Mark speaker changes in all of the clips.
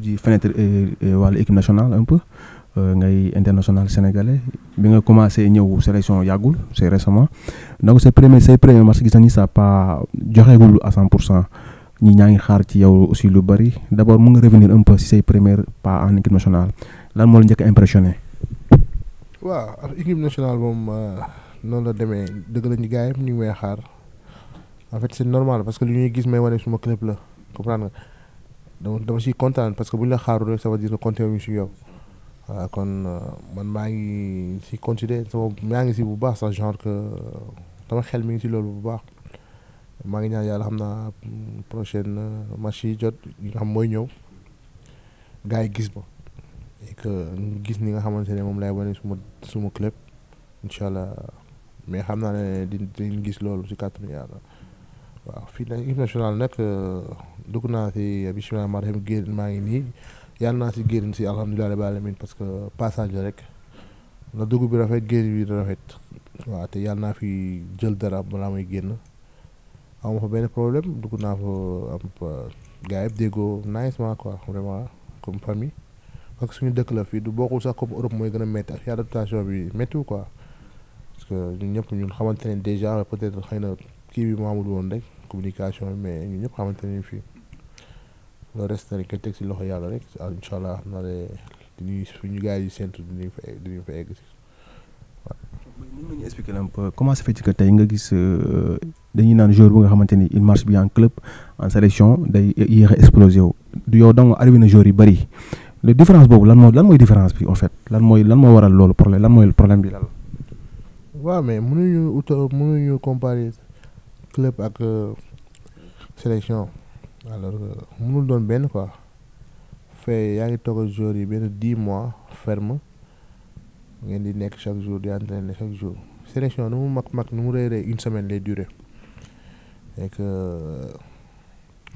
Speaker 1: dit fenêtre euh, euh, wàllu l'équipe nationale un peu internationale euh, international sénégalais bi nga commencé une sélection yagoul c'est récemment donc c'est premier c'est premier match que ça ça pas joxeegul à 100%, ni cent ñi xaar ci yow aussi lu bari d'abord mu nga revenir un peu si say premier pas en équipe nationale lan mo la impressionné.
Speaker 2: waaw l'équipe nationale mom non la démé deug la ñu en fait c'est normal parce que li ñuy gis may wane suma club la comprendre nga. donc dama siy kontaan parce que bu ñu la xaarul rek ça veut dire que compté wuñ si yow waaw kon man maa ngi si considéré sama maa ngi si bu baax sax genre que sama xel mi ngi si loolu bu baax maa ngi ñaan yàlla xam naa prochaine match yi jot yi nga xam mooy ñëw gars yi gis ba et que gis ni nga xamante ne moom laay wane suma suma club incha allah mais xam naa ne dinañ gis loolu si kàttanu yàlla waaw fii la équipe nationale euh, dugg naa si bisimilah ma rahim génn maa ngi nii yàlla naa si génn si alhamdulilah rabbil alamin parce que passage rek na dugg bi rafet génn bi rafet waaw te yàlla naa fi jël dara balaa muy génn amu fa benn problème dugg naa fa gaa gars yëpp déggoo naajement quoi vraiment comme famille parce que suñu dëkk la fii du bokkul sax comme Europe mooy gën a métti ak adaptation bi méttiwul quoi parce ñëpp ñun xamante ne déjà peut-être xëy na. kii bi mu woon rek communication mais ñu ñëpp xamante ne fii le reste rek teg si loxo yàlla rek incha allah na naa ne suñu gars yi séntu dañuy fa dañuy fa egg si quoi. Mais nga ñu expliquer un
Speaker 1: peu comment ça fait que tey nga gis euh, dañuy naan joueur bu nga xamante ni il marche bien en club en sélection day yéex a explosé wu du yow donc arrivé na joueur yi bari le différence boobu lan mooy lan mooy différence bi en fait lan mooy lan mooy waral loolu problème lan mooy problème bi lan.
Speaker 2: waaw mais mënuñu ut mënuñu comparer club ak euh, sélection alors euh, mënul doon benn quoi fee yaa ngi toog joueur yi benn dix mois ferme ngeen di nekk chaque jour di entraîner chaque jour sélection nu mu mag mag nu mu rëy rëy une semaine lay durer et que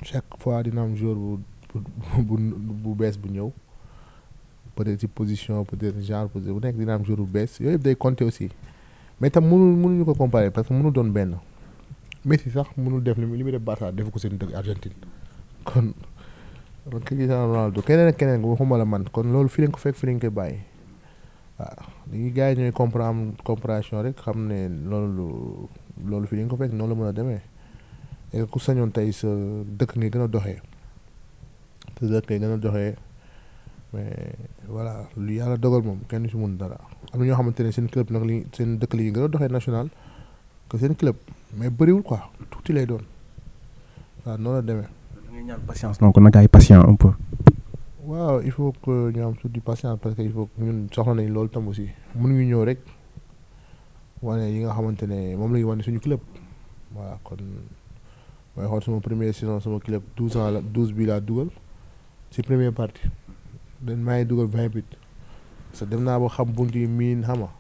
Speaker 2: chaque fois dina am jour bu bu bu bees bu ñëw peut-être position peut-être genre bu nekk dina am jour bu bees yooyu yëpp day compter aussi mais tam mënul mënuñu ko comparer parce que nous doon benn. Messi sax mënul def li muy def Barça def ko seen dëkk Argentine kon kon Cristiano Ronaldo keneen keneen waxuma la man kon loolu fi lañ ko fekk fi lañ koy bàyyi waaw dañuy gaa yi ñooy comprendre compréhension rek xam ne loolu loolu fi lañ ko fekk noo la mën a demee et ku sañoon tey sa dëkk ngay gën a doxee sa dëkk ngay gën a lu yàlla dogal moom kenn si mun dara am na xamante ne seen nag li seen dëkk li ñu gën a doxee national. que un club mais bëriwul quoi tuuti la il patience donc
Speaker 1: a patient un peu.
Speaker 2: il faut que ñu am du patience parce que faut ñun soxla tam aussi ñu ñëw rek wane yi nga xamantene moom la suñu club voilà kon xool sama première saison club douze ans la douze première partie dañ vingt parce que dem ba xam de xama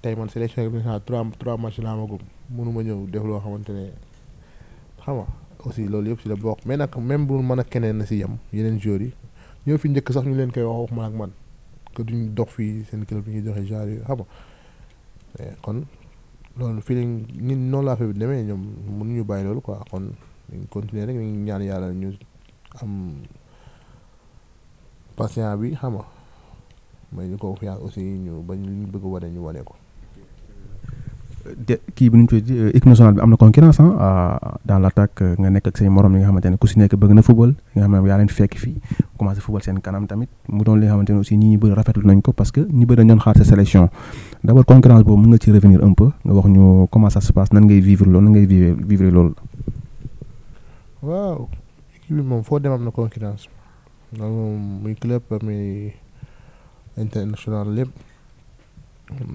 Speaker 2: tey man sélection trois trois matchs laa mënuma ñëw def loo xamante ne xam nga aussi loolu yëpp si la bokk mais nag même bu mën a keneen na si yem yeneen joueurs yi ñoo fi njëkk sax ñu leen koy wax wax man ak man que duñ dox fii seen kilo bi ñuy doxee genre yi xam nga kon loolu fii lañ nit noonu laa fa demee ñoom ñu bàyyi loolu quoi kon ñu continuer rek ñu ñaan yàlla ñu am patient bi xam nga may ñu ko confiance aussi ñu bañ ñu bëgg wane ñu wane ko.
Speaker 1: qui bi nu ñu koy euh, équipe nationale bi concurrence hein, dans l'attaque, euh, nga nek ak sey morom yi nga xamanteni ne ku si nekk bëgg na football nga xam ne yaa leen fekk fii commencé football sen kanam tamit mu doon li nga xamante aussi ñi ñi bëri rafetul nañ ko parce que ñi bëri ñoon xaar sa sélection d'abord concurrence boobu mën nga ci revenir un peu nga wax ñu comment ça se passe nan ngay vivre lool nan ngay vivre vivre lool
Speaker 2: waaw équipe bi moom foo dem am na concurrence Non, moom muy club muy international lépp.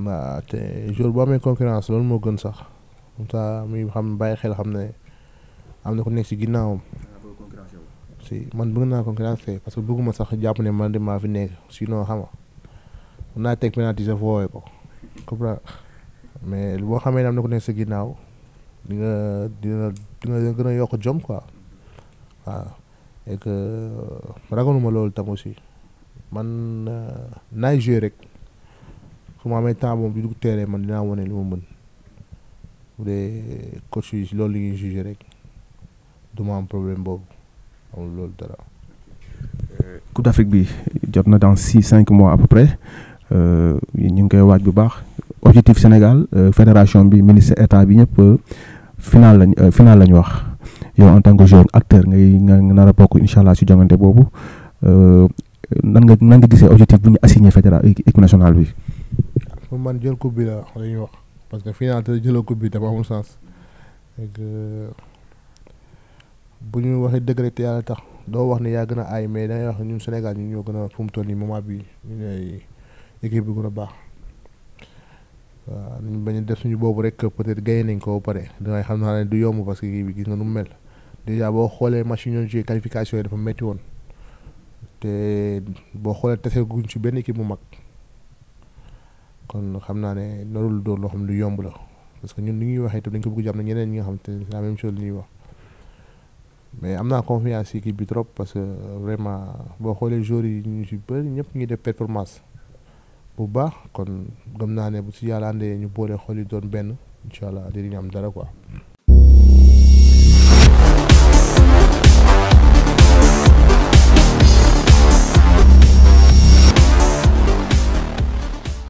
Speaker 2: waaw te jour boo amee concurrence loolu moo gën sax comme ça muy xam bàyyi xel xam ne am na ku nekk si ginnaawam. si man bëgg naa concurrence parce que bëgguma sax jàpp ne man de maa fi nekk si xam nga mun naa teg penalty sax woowee ko comprendre mais boo xamee ne nekk si ginnaaw di nga gën a yokk jom quoi waaw et que loolu tam aussi man euh, naay rek. su ma amee temps moom bi dugg terrain man dinaa wane li ma mën bu dee coach yi loolu li ñuy jugé rek du ma am problème boobu amul loolu dara.
Speaker 1: Euh, Coupe d'Afrique bi jot na dans six cinq mois à peu près euh, ñu ngi koy waaj bu baax objectif Sénégal euh, fédération bi ministère état bi ñëpp final lañ final lañ wax yow en tant que joueur acteur ngay nga nar a bokk incha allah si jongante boobu nan nga nan nga gisee objectif bu ñu assigné fédération équipe nationale bi.
Speaker 2: pour man jël coupe bi la la ñuy wax parce que final te jëloo ko bi dafa amul sens bu ñuy waxee dëgg rek te yàlla tax doo wax ne yaa gën a aay mais dangay wax ñun Sénégal ñu ñoo gën a fu mu nii moment bi ñu bi gën a baax waaw ñu bañ def suñu boobu rek peut-être gagné nañ ko pare dangay xam naa ne du yomb parce que kii bi gis nga nu mu mel déjà boo xoolee match yi ñoo ci qualification yi dafa métti woon te boo xoolee tase guñ ci benn équipe bu mag. kon xam naa ne narul dóor loo xam ne lu yomb la parce que ñun li ñuy waxee itam dañ ko bëgg jàpp na ñeneen ñi nga xam te c'est la même chose li ñuy wax mais am naa confiance ci équipe bi trop parce que vraiment boo xoolee joueurs yi ñu ci bëri ñëpp ñuy def performance bu baax kon gëm naa ne bu si yàlla àndee ñu boole xool yi doon benn incha allah dinañu am dara quoi.